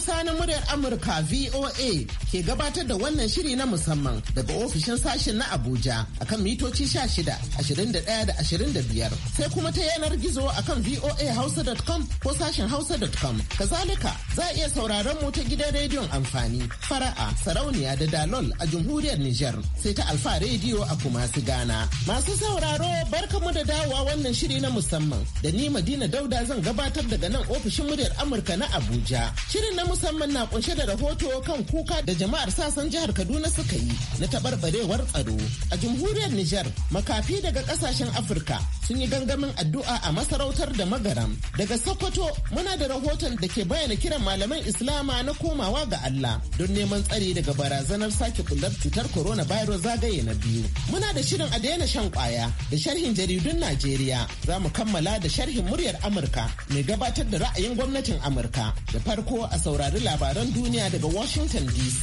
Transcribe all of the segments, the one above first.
Hausa na muryar Amurka VOA ke gabatar da wannan shiri na musamman daga ofishin sashen na Abuja akan mitoci 16, 21 da 25 sai kuma ta yanar gizo akan voahausa.com ko sashen hausa.com. Kazalika Za a iya sauraron mu ta gidan rediyon amfani, fara'a, sarauniya da dalol a jamhuriyar Nijar sai ta alfa rediyo a Kumasi gana Masu sauraro barka mu da dawowa wannan shiri na musamman da ni Madina Dauda zan gabatar daga nan ofishin muryar Amurka na Abuja. Shirin na musamman na kunshe da rahoto kan kuka da jama'ar sasan jihar Kaduna suka yi na tabarbarewar tsaro. A jamhuriyar Nijar makafi daga kasashen Afirka sun yi gangamin addu'a a masarautar da magaram. Daga Sokoto muna da rahoton da ke bayyana kiran malaman Islama na komawa ga Allah don neman tsari daga barazanar sake kullar cutar corona coronavirus zagaye na biyu. Muna da shirin a daina shan kwaya da sharhin jaridun Najeriya za mu kammala da sharhin muryar Amurka mai gabatar da ra'ayin gwamnatin Amurka. Da farko a saurari labaran duniya daga Washington DC.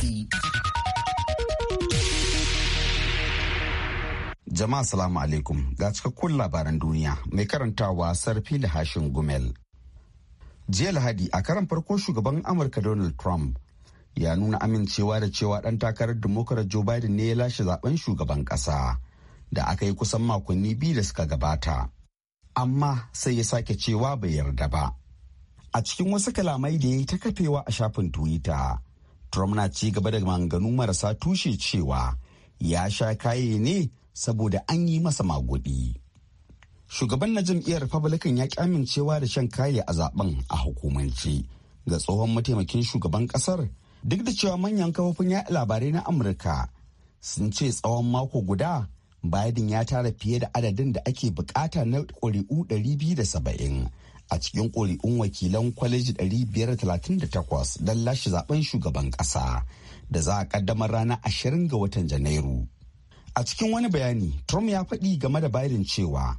Jama'a salamu alaikum ga cikakkun labaran duniya mai karantawa sarfi hashin gumel. jiya lahadi a karan farko shugaban amurka donald trump ya nuna amincewa da cewa dan takarar democrat joe biden ne ya lashe zaben shugaban kasa da aka yi kusan makonni biyu da suka gabata amma sai ya sake cewa bai yarda ba a cikin wasu kalamai da ya yi ta kafewa a shafin twitter trump na ci gaba da manganu marasa tushe cewa ya sha kaye ne saboda an yi masa magudi. shugaban na jam'iyyar republican ya ki amincewa da shan kaya a zaben a hukumance ga tsohon mataimakin shugaban kasar duk da cewa manyan kafofin ya labarai na amurka sun ce tsawon mako guda biden ya tara fiye da adadin da ake bukata na ƙuri'u 270 a cikin ƙuri'un wakilan kwaleji 538 don lashe zaben shugaban ƙasa da za a kaddamar ranar 20 ga watan janairu a cikin wani bayani trump ya faɗi game da biden cewa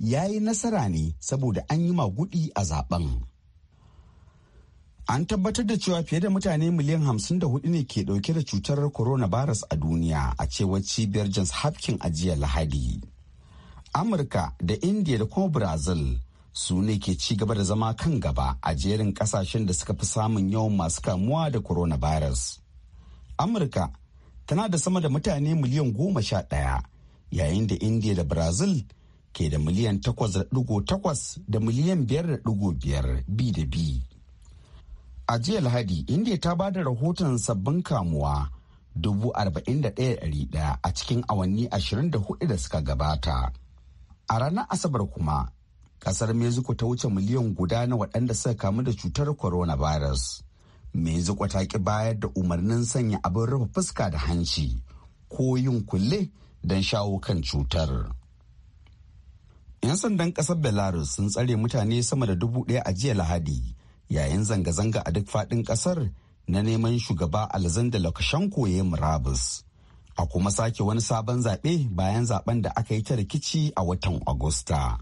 ya yi nasara ne saboda an yi magudi a zaben. An tabbatar da cewa fiye da mutane miliyan hamsin da hudu ne ke dauke da cutar coronavirus a duniya a cewar cibiyar Johns Hopkins a jiya Lahadi. Amurka da India da kuma Brazil su ne ke ci gaba da zama kan gaba a jerin kasashen da suka fi samun yawan masu kamuwa da coronavirus. Amurka tana da sama da mutane miliyan goma sha ɗaya yayin da India da Brazil ke da miliyan 8.8 da miliyan 5.5 bi da bi. A jiya Lahadi, India ta ba da rahoton sabbin kamuwa 41,100 a cikin awanni 24 da suka gabata. A ranar Asabar kuma, kasar Mexico ta wuce miliyan guda na waɗanda suka kamu da cutar coronavirus. Mexico ta ki bayar da umarnin sanya abin rufe fuska da hanci ko yin kulle don shawo kan cutar. 'Yan sandan kasar Belarus sun tsare mutane sama da dubu ɗaya a jiya Lahadi yayin zanga-zanga a duk faɗin ƙasar na neman shugaba Alexander Lukashenko ya murabus. A kuma sake wani sabon zaɓe bayan zaben da aka yi ta rikici a watan Agusta.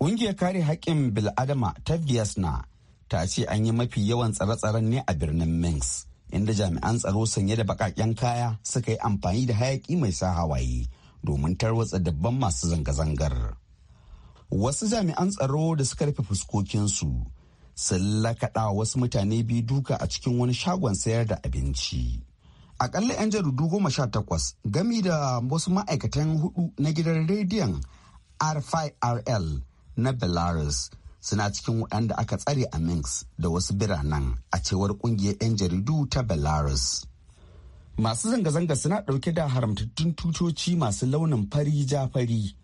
Ƙungiyar kare haƙƙin bil'adama ta Viasna ta ce an yi mafi yawan tsare-tsaren ne a birnin Minsk, inda jami'an tsaro sanye da baƙaƙen kaya suka yi amfani da hayaƙi mai sa hawaye domin tarwatsa dabban masu zanga-zangar. wasu jami'an tsaro da suka rufe fuskokinsu sun lakaɗa wasu mutane biyu duka a cikin wani shagon sayar da abinci. Akalla 'yan jaridu goma sha takwas gami da wasu ma'aikatan hudu na gidan rediyon RFIRL na Belarus suna cikin waɗanda aka tsare a Minsk da wasu biranen a cewar ƙungiyar 'yan jaridu ta Belarus. Masu zanga-zanga suna ɗauke da haramtattun tutoci masu launin fari ja fari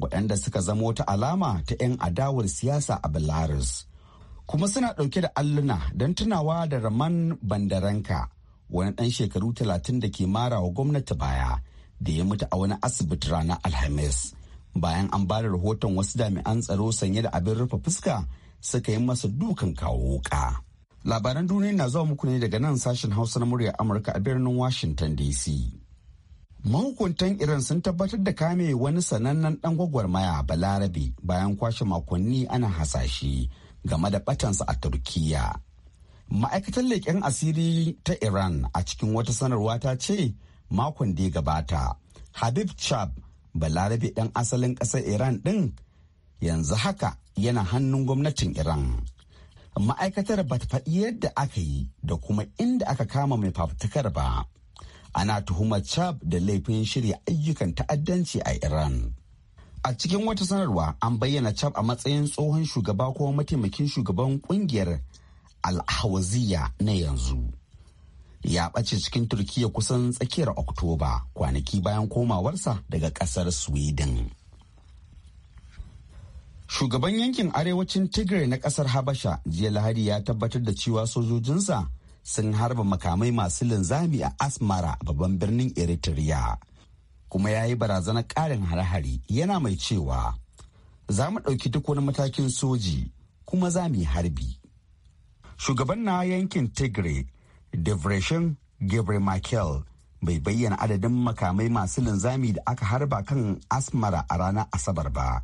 waɗanda suka zama wata alama ta 'yan adawar siyasa a belarus kuma suna ɗauke da alluna don tunawa da raman bandaranka wani ɗan shekaru talatin da ke mara wa gwamnati baya da ya mutu a wani asibiti ranar alhamis bayan an ba da rahoton wasu jami'an tsaro sanye da abin rufe fuska suka yi masa dukan kawo wuka labaran duniya na zuwa muku ne daga nan sashen hausa na murya amurka a birnin washington dc mahukuntan iran sun tabbatar da kame wani sanannen dan gwagwarmaya balarabe bayan kwashe makonni ana hasashe game da batansa a turkiya ma'aikatar leƙen asiri ta iran a cikin wata sanarwa ta ce makon da ya gabata habib chab balarabe ɗan asalin ƙasar iran ɗin yanzu haka yana hannun gwamnatin iran ma'aikatar ba ta faɗi yadda aka yi da kuma inda aka kama mai fafutukar ba ana tuhumar chab da laifin shirya ayyukan ta'addanci a iran a cikin wata sanarwa an bayyana chab a matsayin tsohon shugaba ko mataimakin shugaban kungiyar alhawaziya na yanzu ya ɓace cikin turkiya kusan tsakiyar oktoba kwanaki bayan komawarsa daga ƙasar sweden shugaban yankin arewacin tigray na ƙasar habasha jiya lahadi ya tabbatar da cewa sojojinsa sun harba makamai masu linzami a asmara babban birnin eritrea kuma ya yi barazanar ƙarin hare-hare yana mai cewa za mu ɗauki duk wani matakin soji kuma za mu yi harbi shugaban na yankin tigray devreshin gabriel michael bai bayyana adadin makamai masu linzami da aka harba kan asmara a ranar asabar ba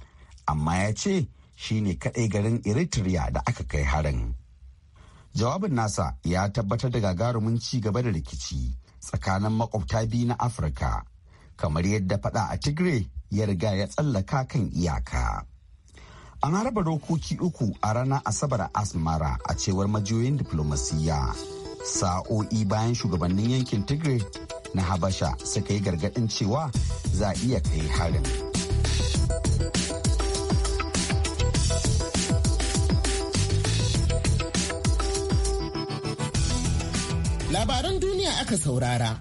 amma ya ce shi ne kaɗai garin eritrea da aka kai harin jawabin nasa ya tabbatar da gagarumin ci gaba da rikici tsakanin makwabta biyu na afirka kamar yadda fada a tigray ya riga ya tsallaka kan iyaka an harba dokoki uku a ranar asabar asmara a cewar majiyoyin diflomasiyya sa'o'i bayan shugabannin yankin tigray na habasha suka yi gargadin cewa za a iya kai harin Labaran duniya aka saurara.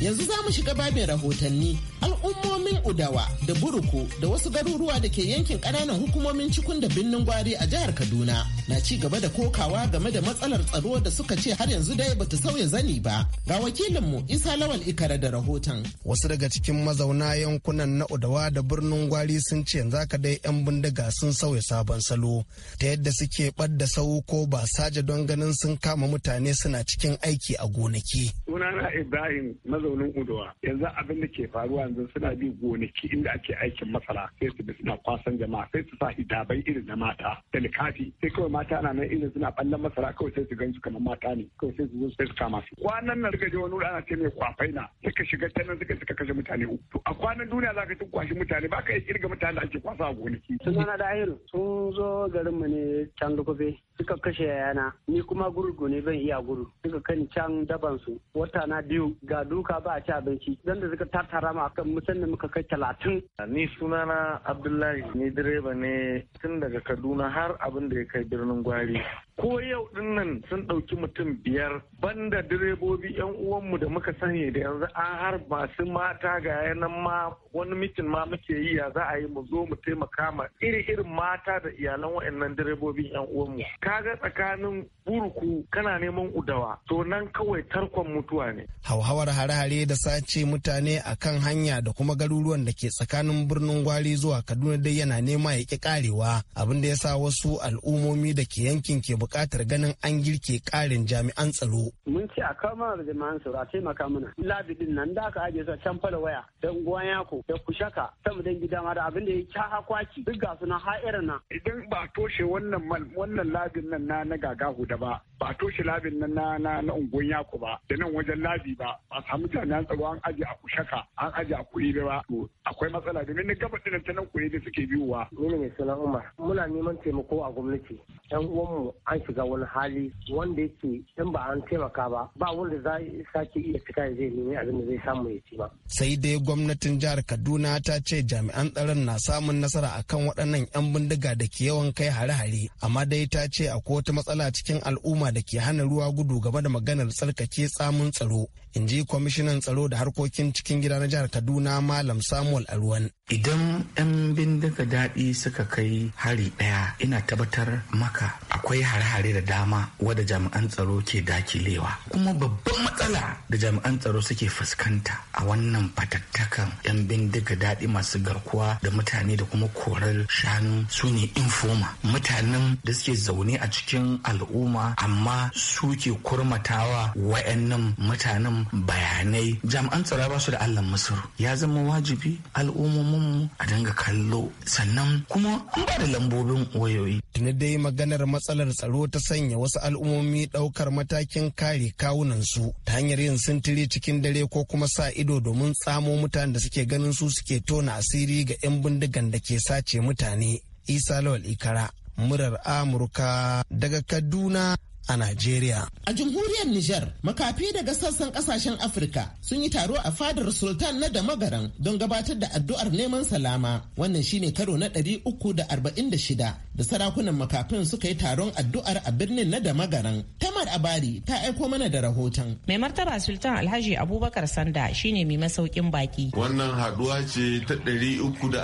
Yanzu za mu shiga babin rahotanni. Al'ummomin Udawa da Buruku da wasu garuruwa da ke yankin ƙananan hukumomin cikun da birnin gwari a jihar Kaduna na ci gaba da kokawa game da matsalar tsaro da suka ce har yanzu dai bata sauya zani ba. Ga wakilinmu Isa Lawal Ikara da rahoton. Wasu daga cikin mazauna yankunan na Udawa da birnin Gwari sun ce yanzu ka dai 'yan bindiga sun sauya sabon salo ta yadda suke ɓadda sau ko ba saje don ganin sun kama mutane suna cikin aiki a gonaki. Sunana Ibrahim mazaunin Udawa yanzu abin da ke faruwa yanzu suna bi gonaki inda ake aikin masara sai su bi suna kwasan jama'a sai su sa idabai irin na mata da likafi sai kawai mata na nan ina suna ballan masara kawai sai su gan su kamar mata ne kawai sai su zo sai su kama su kwanan nan rika je wani wuri ana ce mai kwafai na suka shiga ta nan suka suka kashe mutane uku to a kwanan duniya za ka ci kwashi mutane ba ka iya kirga mutane da ake kwasa a gonaki. sunana da ahiru sun zo garin mu ne can lukufe suka kashe yayana ni kuma gurgu ne ban iya guru suka kani can daban su wata na biyu ga duka ba a ci abinci dan da suka tattara mu akan musamman muka kai talatin. ni sunana abdullahi ni direba ne tun daga kaduna har abin da ya kai birnin birnin gwari ko yau din nan sun ɗauki mutum biyar banda direbobi yan uwanmu da muka sani da yanzu an har masu mata ga yanan ma wani mitin ma muke yi ya za a yi mu zo mu taimaka ma iri irin mata da iyalan wa'annan direbobin yan uwanmu kaga tsakanin burku kana neman udawa to nan kawai tarkon mutuwa ne. Hauhawar hare-hare da sace mutane a kan hanya da kuma garuruwan da ke tsakanin birnin gwari zuwa Kaduna dai yana nema ya ƙi karewa abin da ya sa wasu al'ummomi da ke yankin ke buƙatar ganin an girke ƙarin jami'an tsaro. Mun ce a kama da jami'an tsaro a taimaka mana. Labidin nan da aka ajiye su a can fala waya da unguwan yako da kushaka sama dan gida ma da abin da ya kya Akwaki. duk ga suna ha'ira Idan ba toshe wannan wannan labin nan na na gagahu da about ba a toshe labin nan na na na unguwan yako ba da nan wajen labi ba ba samu jami'an tsaro an aje a kushaka an aje a kuribe ba to akwai matsala domin na gaba dinan ta nan da suke biyowa ni ne mai sunan umar muna neman taimako a gwamnati yan uwanmu an shiga wani hali wanda yake in ba an taimaka ba ba wanda za sake iya fita ya zai nemi abin da zai samu ya ci ba sai dai gwamnatin jihar kaduna ta ce jami'an tsaron na samun nasara akan waɗannan 'yan bindiga da ke yawan kai hare-hare amma dai ta ce akwai wata matsala cikin al'umma da ke hana ruwa gudu gaba da maganar tsarkake tsamun tsaro in ji kwamishinan tsaro da harkokin cikin gida na jihar kaduna malam samuel alwan idan 'yan bindiga daɗi suka kai hari ɗaya ina tabbatar maka akwai hare-hare da dama wadda jami'an tsaro ke dakilewa kuma babban matsala da jami'an tsaro suke fuskanta a wannan fatattakan 'yan bindiga daɗi masu garkuwa da mutane da kuma korar shanu su ne infoma mutanen da suke zaune a cikin al'umma amma su ke kurmatawa wa'annan mutanen bayanai jami'an tsaro ba su da allah masar ya zama wajibi al'ummomin mu a dinga kallo sannan kuma an ba da lambobin wayoyi tuni dai maganar matsalar tsaro ta sanya wasu al'ummomi ɗaukar matakin kare kawunan su ta hanyar yin sintiri cikin dare ko kuma sa ido domin tsamo mutanen da suke ganin su suke tona asiri ga 'yan bindigan da ke sace mutane isa lawal ikara murar amurka daga kaduna a Najeriya. A jamhuriyar Nijar, makafi daga sassan kasashen Afirka sun yi taro a fadar Sultan na damagaran don gabatar da addu'ar neman salama. Wannan shine karo na ɗari uku da da shida da sarakunan makafin suka yi taron addu'ar a birnin na damagaran tamar abari ta aiko mana da rahoton mai martaba sultan alhaji abubakar sanda shine mai masaukin baki wannan haduwa ce ta ɗari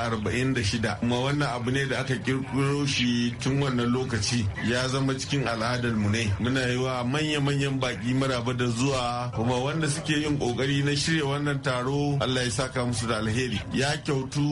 arba'in da shida kuma wannan abu ne da aka kirkiro shi tun wannan lokaci ya zama cikin al'adar mu ne muna yi wa manya-manyan baki maraba da zuwa kuma wanda suke yin kokari na shirya wannan taro allah ya saka musu da alheri ya kyautu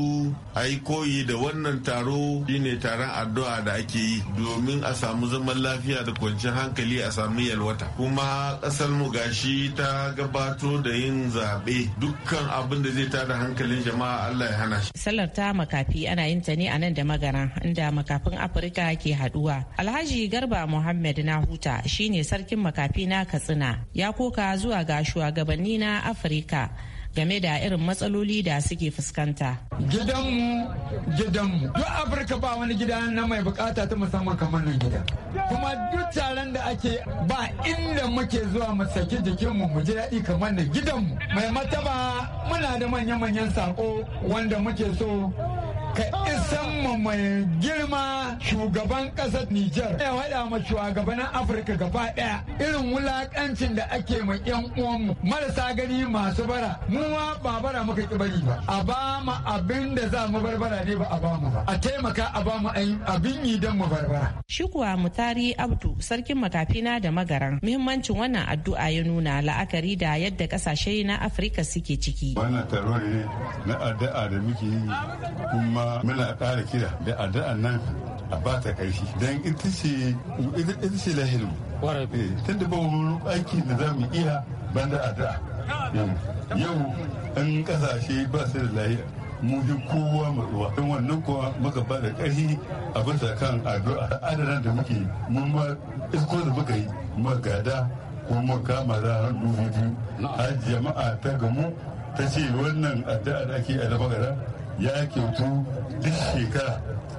a yi koyi da wannan taro shine taron addu'a da ake yi domin a samu zaman lafiya da kwanciyar hankali a samu yalwata kuma kasar mu gashi ta gabato da yin zaɓe dukkan abin da zai tada hankalin jama'a Allah ya hana shi sallar ta makafi ana yin ta ne a nan da magana inda makafin Afirka ke haduwa Alhaji Garba Muhammad na huta shine sarkin makafi na Katsina ya koka zuwa ga shugabanni na Afirka game da irin matsaloli da suke fuskanta. Gidanmu gidanmu duk Afirka ba wani gida na mai bukata ta musamman kamar nan gida. Kuma duk taron da ake ba inda muke zuwa mu saki jikinmu mu ji daɗi kamar nan gidanmu. Mai mataba muna da manya-manyan sako wanda muke so ka isan ma mai girma shugaban ƙasar Nijar. Ya wada ma shugaban Afirka gaba ɗaya irin wulaƙancin da ake ma 'yan uwanmu marasa gani masu bara. Mu ma ba bara muka ki bari ba. A ba mu abin da za mu barbara ne ba a ba mu ba. A taimaka a ba mu abin yi don mu barbara. Shi kuwa Mutari Abdu sarkin makafina da magaran muhimmancin wannan addu'a ya nuna la'akari da yadda kasashe na Afirka suke ciki. Wannan taron ne na addu'a da muke yi kuma muna ƙara kira da addu'an nan a ba ta ƙarfi don ita ce ita ce lahirin eh, tun da ba wani aiki da za mu iya banda addu'a eh, yau in ƙasashe ba su da lahiya mu ji kowa matsuwa don wannan kuwa muka ba da ƙarfi a bisa kan addu'a adadin da muke mun ma isko da muka yi muka gada ko muka kama da dubu biyu har jama'a ta gamu ta ce wannan addu'a da ake a da ya kyautu duk shekara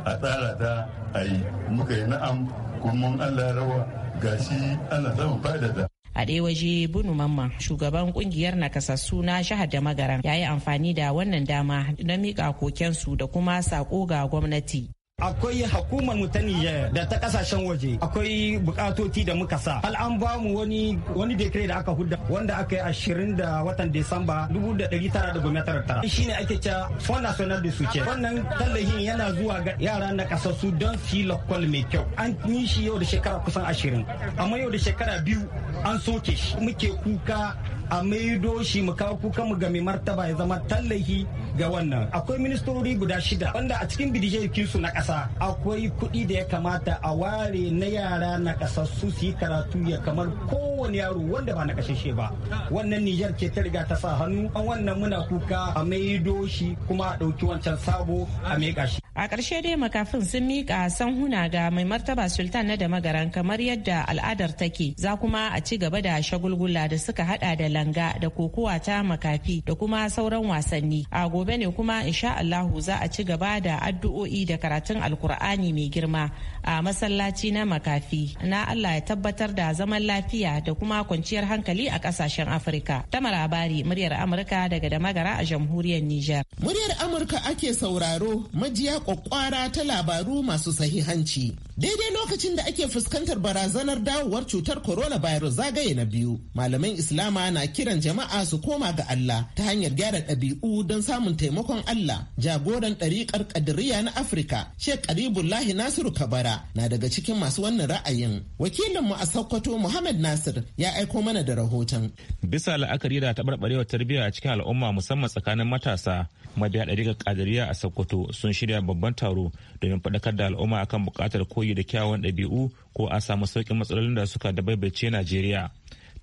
a tsara ta a yi muka yi na'am kuma allah rawa gashi ana samun fadada a ɗaya waje bunu mamma shugaban kungiyar nakasassu na jihar da magaran ya yi amfani da wannan dama na miƙa kokensu da kuma sako ga gwamnati akwai hukumar mu ta Niger da ta kasashen waje akwai bukatoci da muka sa hal an ba mu wani wani decree da aka hudda wanda aka yi ashirin da watan Desamba 1999 shine ake cewa Fond National de Soutien wannan tallahin yana zuwa ga yara na su don su lakwal mai kyau an yi shi yau da shekara kusan ashirin amma yau da shekara biyu an soke shi muke kuka a maido shi mu kawo kuka mu ga mai martaba ya zama tallahi ga wannan akwai ministori guda shida wanda a cikin bidijin su na kasa akwai kuɗi da ya kamata a ware na yara na ƙasassu su yi karatu ya kamar kowane yaro wanda ba na kashe ba wannan nijar ke ta riga ta sa hannu an wannan muna kuka a maido shi kuma a ɗauki wancan sabo a meƙa shi a ƙarshe dai makafin sun miƙa sanhuna ga mai martaba sultan na da magaran kamar yadda al'adar take za kuma a ci gaba da shagulgula da suka hada da langa da kokowa ta makafi da kuma sauran wasanni a gobe ne kuma insha Allahu za a ci gaba da addu'o'i da karatun alkur'ani mai girma a masallaci na makafi na Allah ya tabbatar da zaman lafiya da kuma kwanciyar hankali a kasashen Afirka ta marabari muryar Amurka daga da magara a jamhuriyar Niger. muryar Amurka ake sauraro majiya kwakwara ta labaru masu sahihanci daidai lokacin da ake fuskantar barazanar dawowar cutar coronavirus zagaye na biyu malaman Islama na kiran jama'a su koma ga Allah ta hanyar gyara ɗabi'u don samun taimakon Allah. Jagoran ɗariƙar ƙadiriya na Afirka, Sheikh Karibullahi Nasiru Kabara na daga cikin masu wannan ra'ayin. Wakilinmu a Sokoto Muhammad Nasir ya aiko mana da rahoton. Bisa la'akari da taɓarɓarewar tarbiyya a cikin al'umma musamman tsakanin matasa, mabiya ɗariƙar ƙadiriya a Sokoto sun shirya babban taro domin faɗakar da al'umma akan buƙatar koyi da kyawun ɗabi'u ko a samu sauƙin matsalolin da suka dabaibace Najeriya.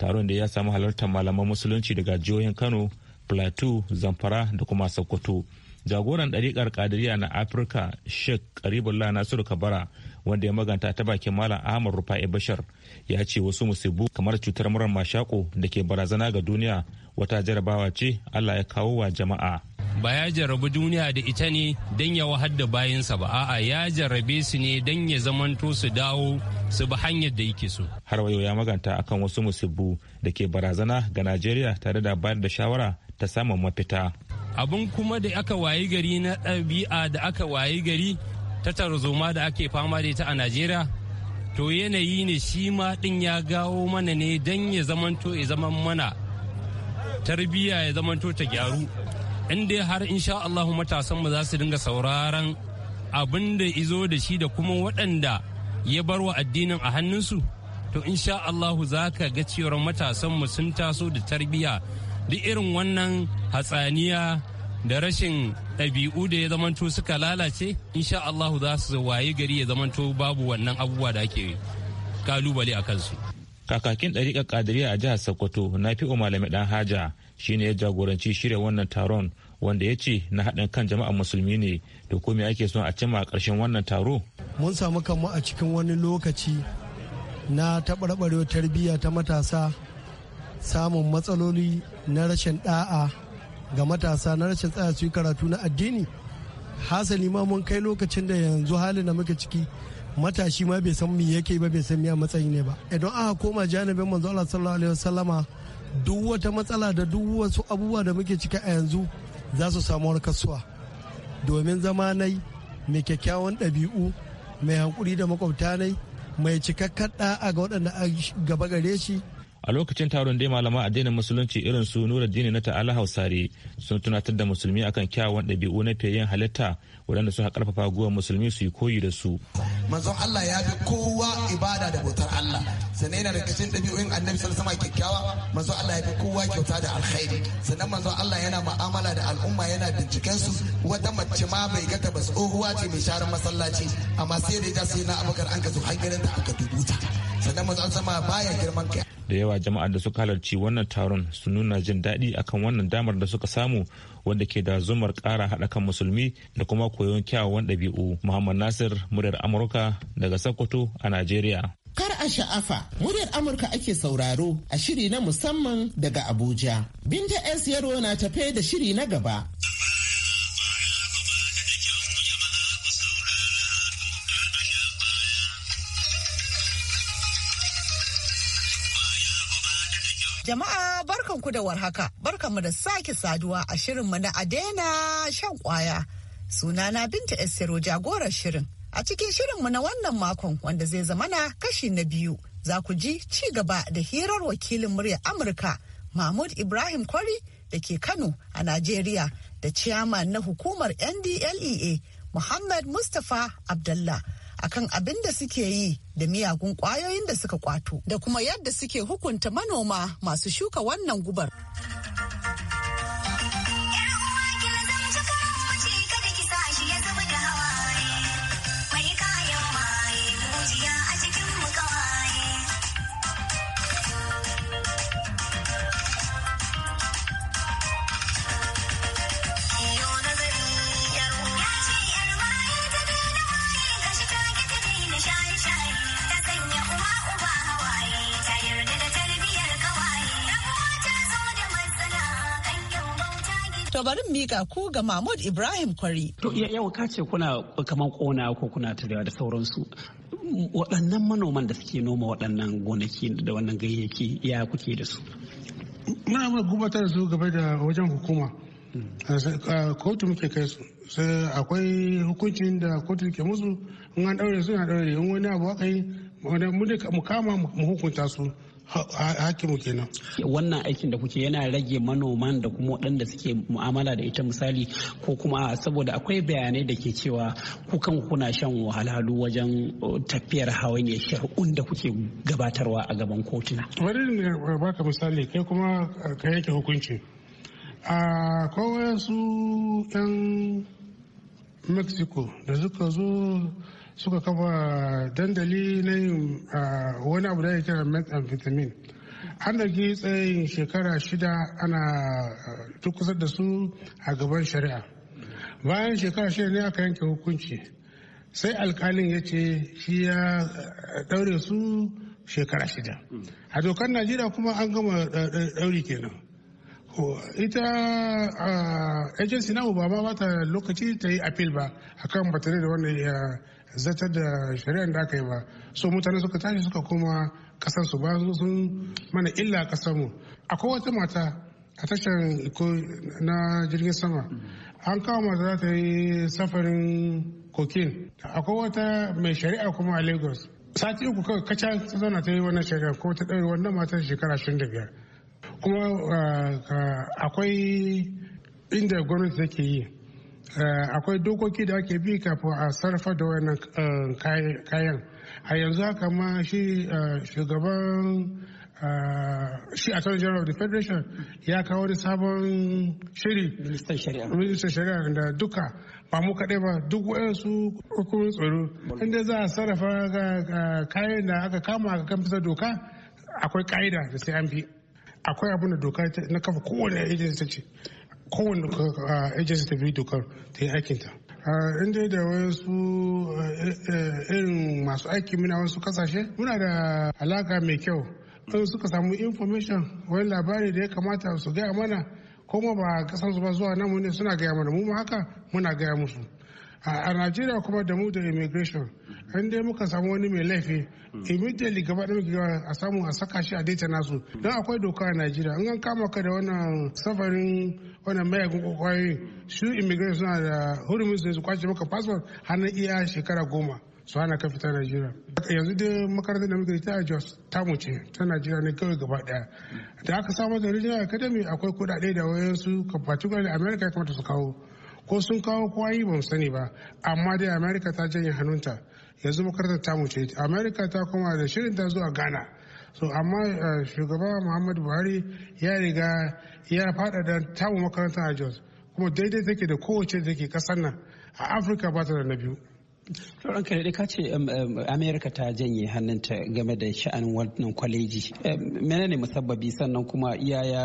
taron da ya samu halartar malaman musulunci daga jihohin kano plateau zamfara da kuma sokoto jagoran ɗariƙar kadiriya na afirka sheikh karibullah nasiru kabara wanda ya maganta ta bakin malam ahmad rufa'i bashar ya ce wasu musibu kamar cutar murar mashako da ke barazana ga duniya wata jarabawa ce allah ya kawo wa jama'a ba ya jarrabi duniya da ita ne don ya wahar da bayansa ba a'a ya jarrabe su ne don ya zamanto su dawo su bi hanyar da yake so. Har wayo ya maganta akan wasu musibu da ke barazana ga Najeriya tare da bayar da shawara ta samun mafita. Abin kuma da aka wayi gari na ɗabi'a da aka wayi gari ta tarzoma da ake fama da ita a Najeriya to yanayi ne shi ma ɗin ya gawo mana ne don ya zamanto ya zama mana tarbiyya ya zamanto ta gyaru. Inda har insha Allah matasanmu za su dinga sauraron abin da izo da shi da kuma waɗanda ya bar wa addinin a hannunsu to insha Allahu za ka ga cewar matasanmu sun taso da tarbiyya duk irin wannan hatsaniya da rashin ɗabi'u da ya zamanto suka lalace insha Allahu za su waye gari ya zamanto babu wannan abubuwa da ake kalubale a kansu. Kakakin ɗariƙar Kadiriya a jihar Sokoto na fi malami ɗan haja shine ya jagoranci shirya wannan taron wanda ya ce na haɗin kan jama'ar musulmi ne da kome ake son a cimma a ƙarshen wannan taro. mun samu kanmu a cikin wani lokaci na taɓarɓarewar tarbiyya ta matasa samun matsaloli na rashin ɗa'a ga matasa na rashin tsaya su yi karatu na addini hasali ma mun kai lokacin da yanzu halin da muka ciki matashi ma bai san me yake ba bai san me a matsayi ne ba idan aka koma janibin manzo Allah sallallahu alaihi wasallama duk wata matsala da duk wasu abubuwa da muke ciki a yanzu za su samu warkaswa domin zama nai mai kyakkyawan ɗabi'u mai hankuri da makwabta nai mai cikakken a ga waɗanda a gaba gare shi a lokacin taron dai malama addinin musulunci irin su dini na ta'ala hausare sun tunatar da musulmi akan kyawun ɗabi'u na yin halitta waɗanda suka karfafa guwa musulmi su yi koyi da su manzon Allah ya fi kowa ibada da bautar Allah sannan yana daga cikin ɗabi'un annabi sallallahu alaihi kyakkyawa manzo Allah ya fi kowa kyauta da alkhairi sannan manzo Allah yana mu'amala da al'umma yana binciken su wata mace ma bai gata ba ba tsohuwa ce mai sharan masallaci amma sai da ja sai na abakar an ka zo ta aka dubuta sannan manzo sama baya girman kai da yawa jama'a da suka halarci wannan taron su nuna jin daɗi akan wannan damar da suka samu wanda ke da zumar ƙara haɗa kan musulmi da kuma koyon kyawawan ɗabi'u muhammad nasir muryar amurka daga sokoto a najeriya Kar a sha'afa, muryar Amurka ake sauraro a shiri na musamman daga Abuja. Binta S. Yaro na tafe da shiri na gaba. Jama'a barkanku da warhaka, barkanmu da sake saduwa a shirinmu na Adena shan kwaya. Sunana Binta S. Yaro jagorar shirin. A cikin shirin mu na wannan makon wanda zai zama na kashi na biyu za ku ji ci gaba da hirar wakilin muryar Amurka Mahmud Ibrahim Kwari da ke Kano a Najeriya da ciyama na hukumar NDLEA Muhammad Mustapha Abdullah. akan abin da suke yi da miyagun kwayoyin da suka kwato da kuma yadda suke hukunta manoma masu shuka wannan gubar. To bari miƙa ku ga Mahmud Ibrahim Kwari. To yau ka ce kuna kamar kona ko kuna tarewa da sauransu. Waɗannan manoman da suke noma waɗannan gonaki da wannan gayyaki ya kuke da su? Muna muna gubatar da su gaba da wajen hukuma. Mm. kotu muke kai su sai akwai hukuncin da kotu ke musu in an ɗaure su na ɗaure in wani abu aka yi mu kama mu hukunta su hakimu kenan wannan aikin da kuke yana rage manoman da kuma waɗanda suke mu'amala da ita misali ko kuma saboda akwai bayanai da ke cewa kukan kuna shan wahalhalu wajen tafiyar hawan ya shari'un da kuke gabatarwa a gaban kotuna Wani ne baka misali kai kuma ka yake hukunci a su yan mexico da suka zo suka kafa dandali na yin wani abu da ya kira methamphetamine an ɗauki tsayin shekara shida ana tukusar da su a gaban shari'a bayan shekara shida ne aka yanke hukunci sai alkalin ya ce shi ya daure su shekara shida a dokar najeriya kuma an gama dauri kenan ita agency na ba ba ta lokaci ta yi appeal ba akan batare da wannan zata da shari'ar da aka yi ba so mutane suka tashi suka koma kasar su ba sun mana illa kasar mu akwai wata mata a tashar na jirgin sama an kawo mata za ta yi safarin kokin akwai wata mai shari'a kuma a lagos sati uku kawai kaca ta zauna ta yi wannan shari'a ko ta ɗaure wannan matar shekara ashirin da biyar kuma ah, akwai inda gwamnati take yi Eh, akwai dokoki da ake bi kafin a sarrafa da wannan eh, kayan a yanzu haka ma shi eh, shugaban shi general of the federation ya kawo da sabon shiri ministan shari'a da duka ba mu kaɗai ba duk su hukumin tsaro inda za a sarrafa kayan da aka kama aka kan fita doka akwai ka'ida da sai an bi akwai abin da doka na kafa kowane agency ce kowane agency ta biyu dokar ta yi aikinta in dai da wasu e, e, irin masu aiki muna wasu kasashe muna da alaka mai kyau in suka samu information wani labari da ya kamata su gaya mana kuma ba kasansu ba zuwa nan ne suna gaya mana mu haka muna gaya musu a najeriya kuma da mu da immigration an mhm. dai muka samu wani mai laifi hmm. immediately gaba da muke a samu a saka shi a daita nasu don hmm. akwai doka a najeriya in an kama ka da wannan safarin wannan mayagun kwakwai su immigration suna da hurumin su kwace maka passport har na iya shekara goma su hana ka fita Najeriya. Yanzu dai makarantar da muke ta Jos ta ce ta Najeriya ne kawai gaba daya. Hmm. Da aka samu da Regional Academy akwai kudade da wayansu particularly America ya kamata su kawo. ko sun kawo kwayi ba mu sani ba amma dai america ta janye hannunta yanzu makarantar ta mu ce america ta koma da shirin ta zuwa ghana so amma eh, shugaba muhammadu buhari ya riga ya da tamu makaranta a jos kuma daidai take da kowace da ke kasar nan a afirka ba ta da na biyu ranka kare ka ce um, um, amerika ta janye hannunta game da sha'anin wannan kwaleji um, mene ne musabbabi sannan kuma yaya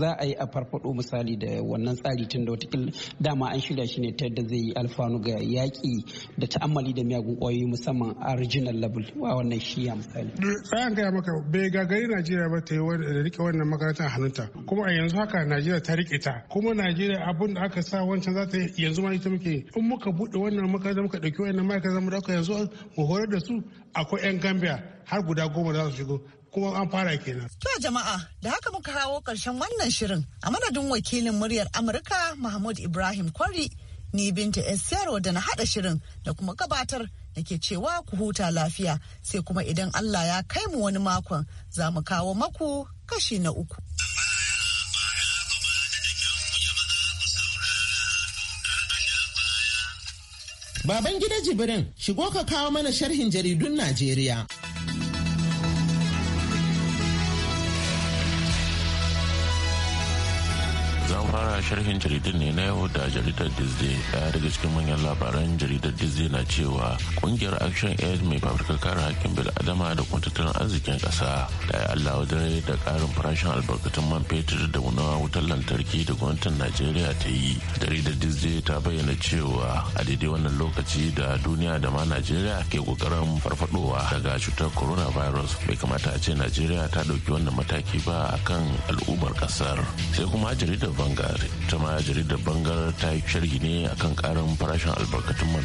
za a yi a farfado misali da wannan tsari tun da watakil dama an shirya shi ne ta yadda zai yi alfanu ga yaƙi da ta'ammali da miyagun ƙwayoyi musamman a regional level a wannan shiya misali tsayan gaya maka bai gagari najeriya ba ta yi da rike wannan makarantar hannunta kuma a yanzu haka najeriya ta rike ta kuma najeriya abin da aka sa wancan za ta yanzu ma ita muke in muka buɗe wannan makarantar muka ɗauki wayannan ma'aikatan mu ɗauka yanzu mu horar da su akwai 'yan gambia har guda goma za su shigo kuma an fara kenan. To jama'a da haka muka kawo ƙarshen wannan shirin a madadin wakilin muryar Amurka Mahmud Ibrahim Kwari ni binta Esero da na haɗa shirin da kuma gabatar da ke cewa ku huta lafiya sai kuma idan Allah ya kai mu wani makon za mu kawo maku kashi na uku. Baban gida Jibrin, shigo ka kawo mana sharhin jaridun Najeriya. fara sharhin jaridar ne na yau da jaridar Disney daya daga cikin manyan labaran jaridar Disney na cewa kungiyar Action Aid mai fabrikar kare hakkin bil adama da kuma tattalin arzikin kasa da ya Allah wajen da karin farashin albarkatun man fetur da na wutar lantarki da gwamnatin Najeriya ta yi. Jaridar Disney ta bayyana cewa a daidai wannan lokaci da duniya da ma Najeriya ke kokarin farfadowa daga cutar coronavirus bai kamata a ce Najeriya ta dauki wannan mataki ba akan al'ummar kasar. Sai kuma jaridar Vanga ta ma jaridar bangar ta yi sharhi ne akan karin farashin albarkatun man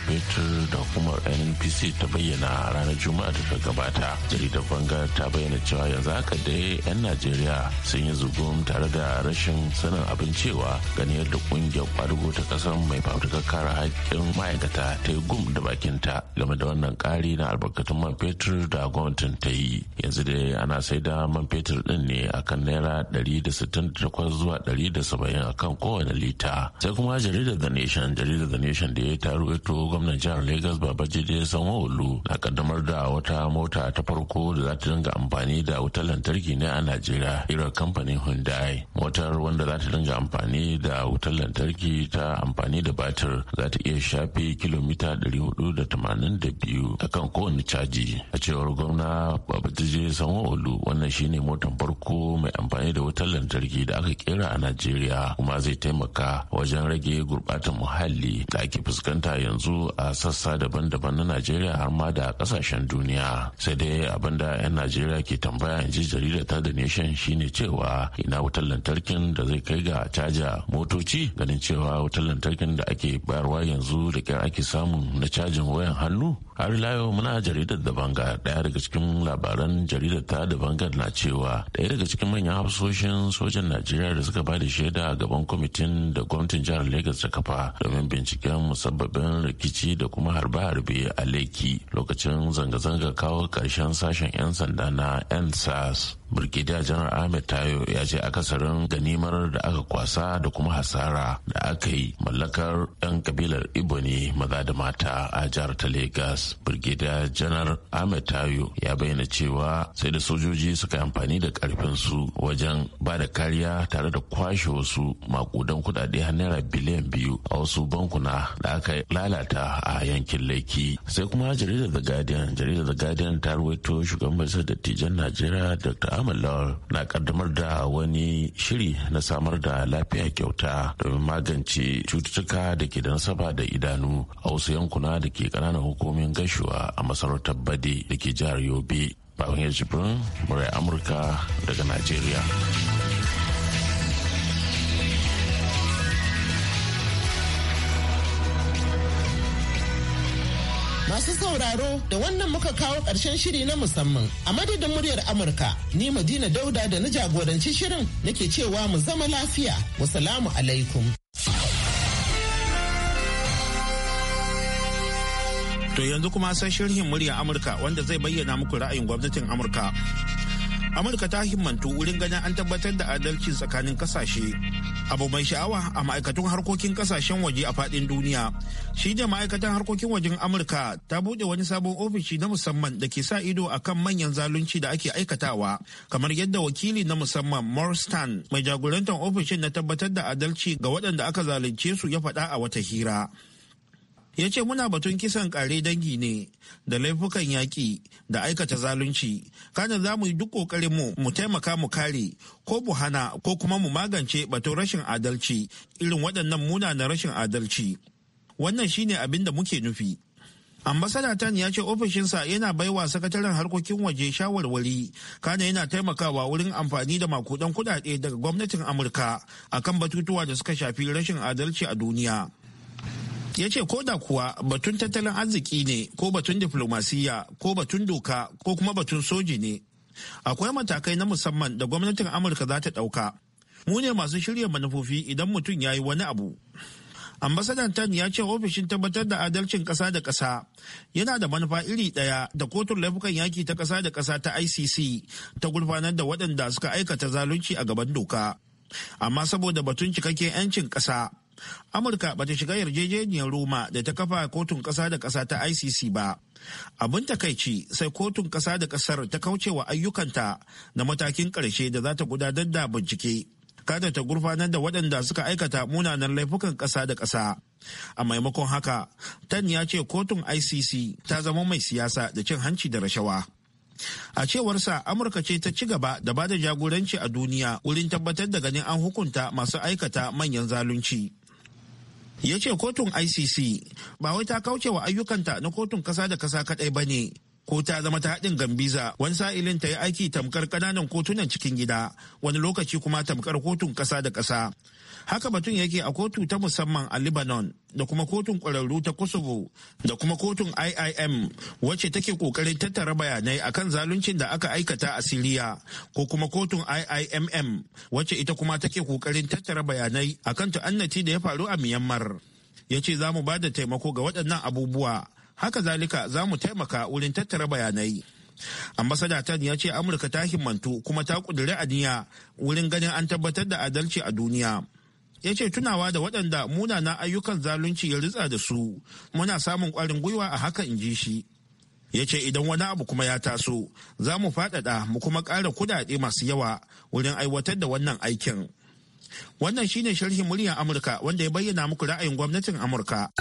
da hukumar nnpc ta bayyana ranar juma'a da ta gabata jaridar bangar ta bayyana cewa yanzu haka dai 'yan najeriya sun yi zugun tare da rashin sanin abin cewa gani yadda kungiyar kwadugo ta kasar mai fafutukar kare haƙƙin ma'aikata ta yi gum da bakin ta game da wannan ƙari na albarkatun man fetur da gwamnatin ta yi yanzu dai ana sai da man fetur din ne akan naira 168 zuwa 170 kan kowane lita sai kuma jaridar the nation jaridar the nation da ya taru ito gwamnan jihar lagos babajide sanwo-olu na kaddamar da wata mota ta farko da za ta dinga amfani da wutar lantarki ne a najeriya irin kamfanin hyundai motar wanda za ta dinga amfani da wutar lantarki ta amfani da batir za ta iya shafe kilomita 482 akan kowane caji a cewar gwamna babajide sanwo-olu wannan shine motar farko mai amfani da wutar lantarki da aka kera a najeriya kuma zai taimaka wajen rage gurbatan muhalli da ake fuskanta yanzu a sassa daban-daban na najeriya har ma da kasashen duniya sai dai abin da 'yan najeriya ke tambaya in ji jaridar ta da nation shine cewa ina wutar lantarkin da zai kai ga caja motoci ganin cewa wutar lantarkin da ake bayarwa yanzu da kyar ake samu na cajin wayan hannu har layo muna jaridar da banga daya daga cikin labaran jaridar ta da banga na cewa daya daga cikin manyan hafsoshin sojan najeriya da suka ba da shaida ga shugaban kwamitin da gwamnatin jihar Legas ta kafa domin binciken musabbabin rikici da kuma harbe-harbe a Lekki lokacin zanga-zanga kawo ƙarshen sashen 'yan sanda na NSAS. Brigadier General Ahmed Tayo ya ce akasarin ganimar da aka kwasa da kuma hasara da aka yi mallakar 'yan kabilar Ibo ne maza da mata a jihar ta Legas. Brigadier General Ahmed Tayo ya bayyana cewa sai da sojoji suka yi amfani da karfinsu wajen ba da kariya tare da kwashe wasu makudan kudade har naira biliyan biyu a wasu bankuna da aka lalata a yankin Lekki. Sai kuma jaridar The Guardian, jaridar The Guardian ta ruwaito shugaban majalisar dattijan Najeriya Dr. Ahmad Lawal na kaddamar da wani shiri na samar da lafiya kyauta domin magance cututtuka da ke da nasaba da idanu a wasu yankuna da ke ƙananan hukumomin gashuwa a masarautar Bade da ke jihar Yobe. Bawon Yajibirin, Murai Amurka daga Najeriya. Masu sauraro da wannan muka kawo ƙarshen shiri na musamman a madadin muryar Amurka ni Madina Dauda da na jagoranci shirin nake cewa mu zama lafiya. Wasalamu alaikum. To yanzu kuma sai shirin muryar Amurka wanda zai bayyana muku ra'ayin gwamnatin Amurka. Amurka ta himmantu wurin ganin an tabbatar da adalci tsakanin kasashe abu mai sha'awa a ma'aikatun harkokin kasashen waje a fadin duniya shi ne ma'aikatan harkokin wajen amurka ta bude wani sabon ofishi na musamman da ke sa ido a kan manyan zalunci da ake aikatawa kamar yadda wakili na musamman morstan mai jagorantar ofishin na tabbatar da adalci ga waɗanda aka zalunce su ya faɗa a wata hira ya ce muna batun kisan kare dangi ne da laifukan yaƙi da aikata zalunci kana za mu yi duk ƙoƙarin mu mu taimaka mu kare ko mu hana ko kuma mu magance batun rashin adalci irin waɗannan munanan rashin adalci wannan shine abin da muke nufi ambasada tan ya ce ofishinsa yana baiwa sakataren harkokin waje shawarwari kana yana taimakawa wurin amfani da makudan kudade daga gwamnatin amurka akan batutuwa da suka shafi rashin adalci a duniya ya ce ko da kuwa batun tattalin arziki ne ko batun diflomasiyya ko batun doka ko kuma batun soji ne akwai matakai na musamman da gwamnatin amurka za ta ɗauka mu ne masu shirya manufofi idan mutum ya yi wani abu ambasadan tan ya ce ofishin tabbatar da adalcin kasa da kasa yana da manufa iri daya da kotun laifukan yaki ta kasa da kasa ta icc ta gurfanar da waɗanda suka aikata zalunci a gaban doka amma saboda batun cikakken 'yancin ƙasa amurka ba ta shiga yarjejeniyar roma da ta kafa kotun ƙasa da ƙasa ta icc ba abin takaici sai kotun ƙasa da ƙasar ta kauce wa ayyukanta na matakin ƙarshe da za ta gudanar da bincike kada ta gurfanar da waɗanda suka aikata munanan laifukan ƙasa da ƙasa a maimakon haka tan ya ce kotun icc ta zama mai siyasa da cin hanci da rashawa a cewarsa amurka ce ta ci gaba da ba da jagoranci a duniya wurin tabbatar da ganin an hukunta masu aikata manyan zalunci ya ce kotun icc ba wai ta kauce wa ayyukanta na kotun kasa da kasa kadai ba ne ko ta zama ta haɗin gambiza wani sa'ilin ta yi aiki tamkar ƙananan kotunan cikin gida wani lokaci kuma tamkar kotun ƙasa da ƙasa haka batun yake a kotu ta musamman a lebanon da kuma kotun ƙwararru ta kosovo da kuma kotun iim wacce take kokarin tattara bayanai akan zaluncin da aka aikata a siriya ko kuma kotun iimm wacce ita kuma take kokarin tattara bayanai akan ta'annati da ya faru a myanmar yace ce za mu ba da taimako ga waɗannan abubuwa haka zalika za mu taimaka wurin tattara bayanai ambasada tan ya ce amurka ta himmantu kuma ta ƙudiri aniya wurin ganin an tabbatar da adalci a duniya ya ce tunawa da waɗanda munana ayyukan zalunci ya ritsa da su muna samun ƙwarin gwiwa a haka in ji shi ya ce idan wani abu kuma ya taso za mu faɗaɗa mu kuma ƙara kuɗaɗe masu yawa wurin aiwatar da wannan aikin wannan shine sharhin muryar amurka wanda ya bayyana muku ra'ayin gwamnatin amurka.